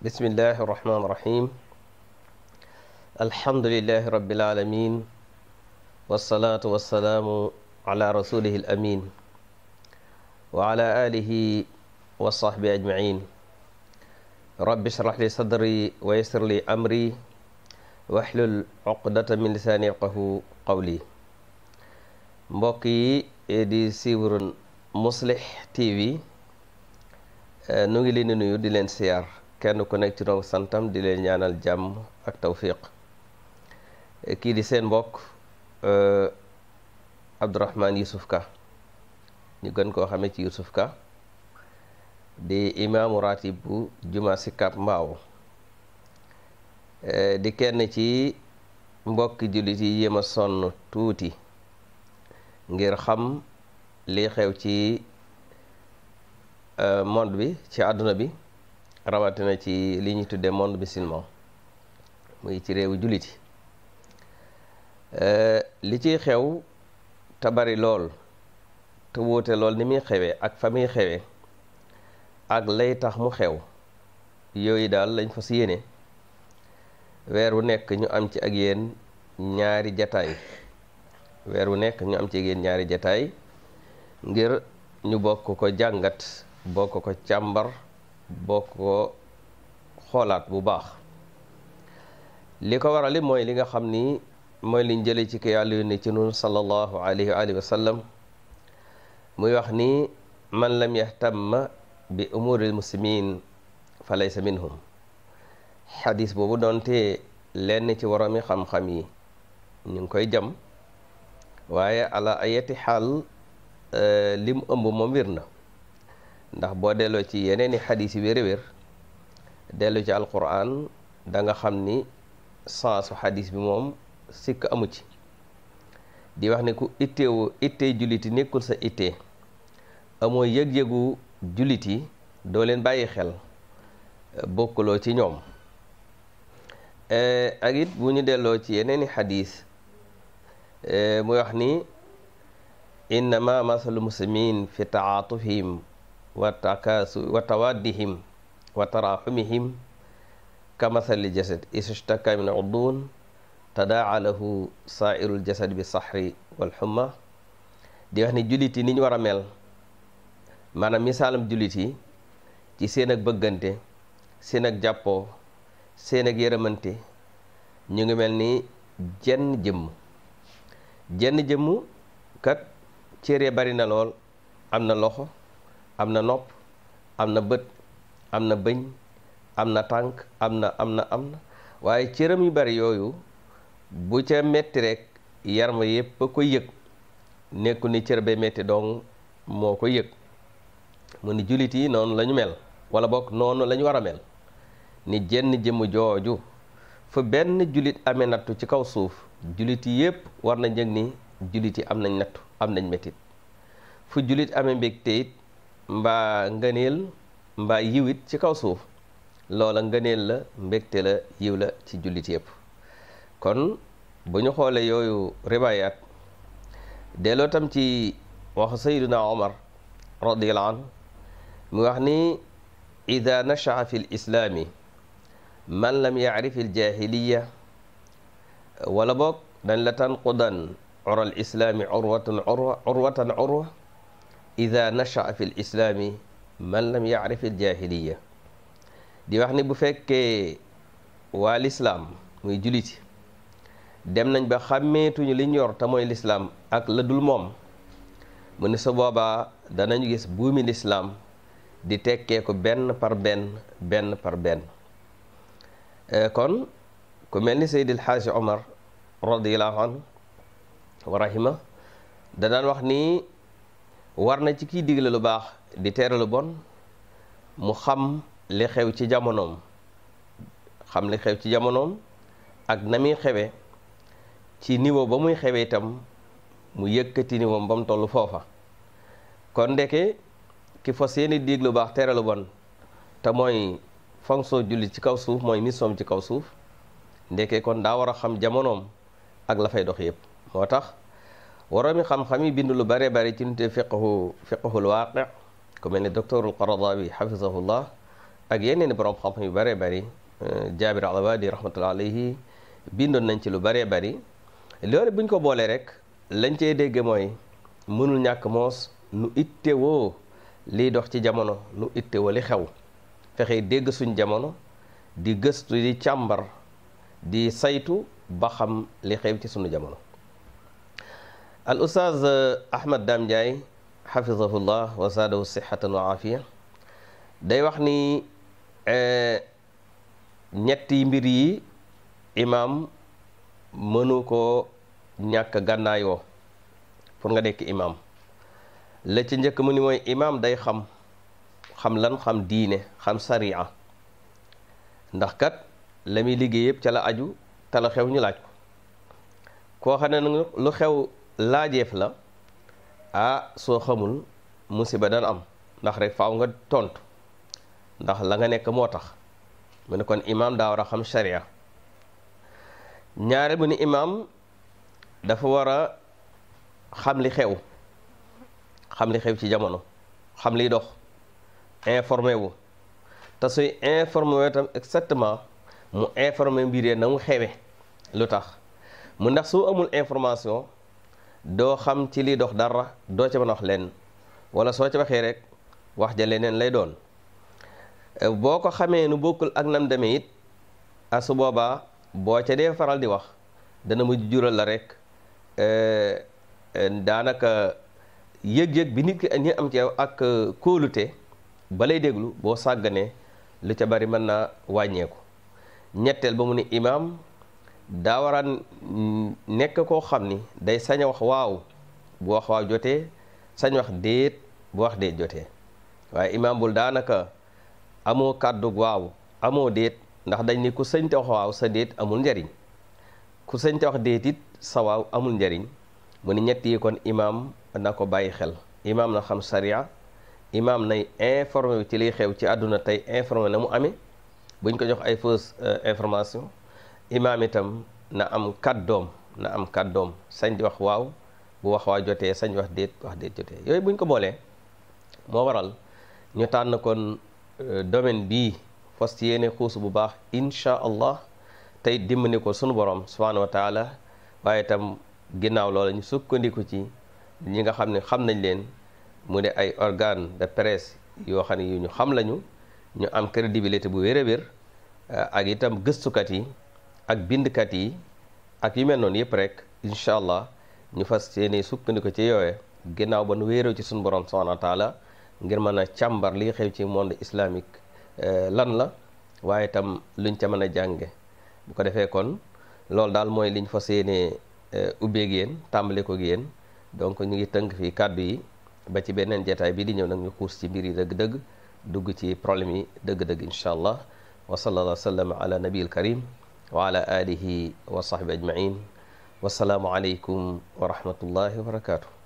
بسم الله الرحمن الرحيم الحمد لله رب العالمين والصلاة والسلام على رسوله الأمين وعلى آله وصحبه أجمعين رب اشرح لي صدري ويسر لي أمري واحلل عقدة من لساني يفقه قولي mbokk yi di siiwurun Mouslih TV nu ngi leen di nuyu di leen siyaar kenn ku nekk ci doom santam di leen ñaanal jàmm ak tawfiq kii di seen mbokk eh, Abdourahmane Youssouf Ka ñu gën koo xamee ci Youssouf Ka di imaamu ratib bu juma Sicap Mbao eh, di kenn ci mbokki jullit yi yéem a sonn tuuti ngir xam li xew ci eh, monde bi ci àdduna bi rawatina ci li ñu tuddee monde musulman muy ci réewu juliti euh, li ciy xew te bari lool te wuute lool ni muy xewee ak fa muy xewee ak lay tax mu xew yooyu daal lañ fas yéene weer wu nekk ñu am ci ak yéen ñaari jataay weer wu nekk ñu am ci ak yéen ñaari jataay ngir ñu bokk ko jàngat bokk ko càmbar boo ko xoolaat bu baax li ko waral mooy li nga xam ni mooy liñ jëlee ci ki yàlla yónni ci nun sallallahu alayhi wa alihi sallam muy wax ni man lam yahtamma bi umuril muslimin fa laysa minhum xadis boobu doonte lenn ci waroomi xam-xam yi ñu ngi koy jam waaye ala ayati xaal eh, lim ëmb moom wir na ndax boo delloo ci yeneen i xadis yi wér dellu delloo ci alquran da nga xam ni sensu xadis bi moom sikk amu ci di wax ne ku itteewu ittee jullit nekkul sa ittee amoo yëg-yëgu jullit yi doo leen bàyyi xel bokkuloo ci ñoom e, ak it bu ñu delloo ci yeneen i xadis e, muy wax ni innama masalu muslimin fi taatufihim wa takaasu wa tawaddihim wa taraxumihim kamasali jasad ishtaka min udun tadaa lahu saairul jasad bi saxri wal di wax ni jullit yi ni ñu war a mel maanaam misaalam jullit yi ci seen ak bëggante seen ak jàppoo seen ak yërëmante ñu ngi mel ni jenn jëmm jenn jëmm kat cére bari na lool am na loxo am na nopp am na bët am na bëñ am na tànk am na am na am na waaye cëram yu bari yooyu bu ca metti rek yaram yépp a koy yëg nekku ni cër ba metti dong moo ko yëg mu ni jullit yi noonu la mel wala bokk noonu lañu ñu war a mel ni jenn jëmm jooju fu benn jullit ame nattu ci kaw suuf jullit yi yépp war nañ yëg ni jullit yi am nañ nattu am nañ mettit fu jullit amee mbégte it mbaa ngëneel mbaa yiwit ci kaw suuf loola ngëneel la mbégte la yiw la ci jullit yépp kon bu ñu xoolee yooyu ribayaat delloo tam ci wax sayduna omar radiallahu anhu mu wax ni ida nashaa fi l man lam yacrif il wala boog dañ la tanqudan ura l islaami urwatan ida nachaa fi l islaami man lam yaarif il jahiliya di wax ni bu fekkee waa lislaam muy juliti dem nañ ba xàmmeetuñu liñ yor te mooy lislaam ak la dul moom mu sa su boobaa danañu gis buumi lislaam di tekkee ko benn par benn benn par benn eh, kon ku mel ni Seydil Xaaji Omar radiyallahu anhu wa rahima da daan wax ni war na ci kiy digle lu baax di tere bon mu xam li xew ci jamonoom xam li xew ci jamonoom ak na muy xewe ci niveau ba muy xewee itam mu yëkkati niveau ba mu toll foofa kon ndeke ki fas yéene digle lu baax tere bon te mooy fonction julli ci kaw suuf mooy missom ci kaw suuf ndeke kon daa war a xam jamonoom ak la fay dox yëpp moo tax waroomi xam-xam yi bind lu bare bari ci nite fiqhu fiqhul waaqi ku mel ni docteur Qaradawi ak yeneen borom xam-xam yu bare bari eh, Jaabir Alawadi rahmatullah alayhi bindoon nañ ci lu bare bari loolu buñ ko boolee rek lañ cee dégg mooy mënul ñàkk moos nu ittewoo liy dox ci jamono nu ittewoo li xew fexe dégg suñ jamono di gëstu di càmbar di saytu ba xam li xew ci sunu jamono al ustaz eh, ahmad dam ndiaye xafidahullah wa zaadahu sixatan wa aafiya day wax ni eh, ñetti mbir yi imaam mënu ko ñàkk gànnaayoo pour nga dekk imaam la ci njëkk mu ni mooy imaam day xam xam lan xam diine xam sariya ndax kat la muy liggéey yëpp ca la aju te la xew ñu laaj ko koo xam ne lu xew laajeef la ah soo xamul musiba dana am ndax rek faaw nga tontu ndax la nga nekk moo tax mu ne kon imaam daa war a xam sharia ñaare bu ni imaam dafa war a xam li xew xam li xew ci jamono xam liy dox informé wu te suy informé wu itam exactement mu informé mbiree na mu xewe lu tax mu ndax soo amul information doo xam ci liy dox dara doo ca mën a wax leen wala soo ca waxee rek wax ja leneen lay doon euh, boo ko xamee nu bokkul ak nam demee it asu boobaa boo ca dee faral di wax dana mujj jural la rek euh, euh, daanaka yëg-yëg bi nit ki ñi am ci yow ak kóolute lay déglu boo sàgganee lu ca bari mën naa wàññeeku ñetteel ba mu ne imaam daa nekk koo xam ni day sañ wax waaw bu wax waaw jotee sañ wax déet bu wax déet jotee waaye imaam bul daanaka amoo kàddu waaw amoo déet ndax dañ ni ku sëñte wax waaw sa déet amul njariñ ku sëñte wax déet it sa waaw amul njariñ mu ni ñett yi kon imaam na ko bàyyi xel imaam na xam sariya imaam nay informé ci liy xew ci àdduna tey informé na mu amee buñ ko jox ay fausse euh, information imaam itam na am doom na am doom sañ di wax waaw bu wax waa jotee sañ wax déet wax déet jotee yooyu buñ ko boolee moo waral ñu tànn kon euh, domaine bii fas yéene xuus bu baax incha allah tey dimbali ko sunu borom subhaanahu wa taala waaye itam ginnaaw loola ñu sukkandiku ci ñi nga xam ne xam nañ leen mu ne ay organe de presse yoo xam ne yu xam lañu ñu am crédibilité bu wér a wér euh, ak itam gëstukat yi ak bindkat yi ak yu mel noonu yëpp rek incha allah ñu fas yéene sukkandiku ci yooye ginnaaw ba nu wéeroo ci suñu borom subhanahu wa taala ngir mën a càmbar li xew ci monde islamique euh, lan la waaye itam luñ ca mën a jànge bu ko defee kon loolu daal mooy liñ fas yéene euh, ubbeeg yéen tàmbale ko yéen donc ñu ngi tëng fii kàddu yi ba ci beneen jataay bi di ñëw nag ñu xuus ci mbir yi dëgg-dëgg dugg ci problème yi dëgg-dëgg incha allah wa sallallahu wa ala nabiyil karim wa ala alihi wa sahbi ajmain wasalaamu aleykum wa rahmatullahi wa barakatuh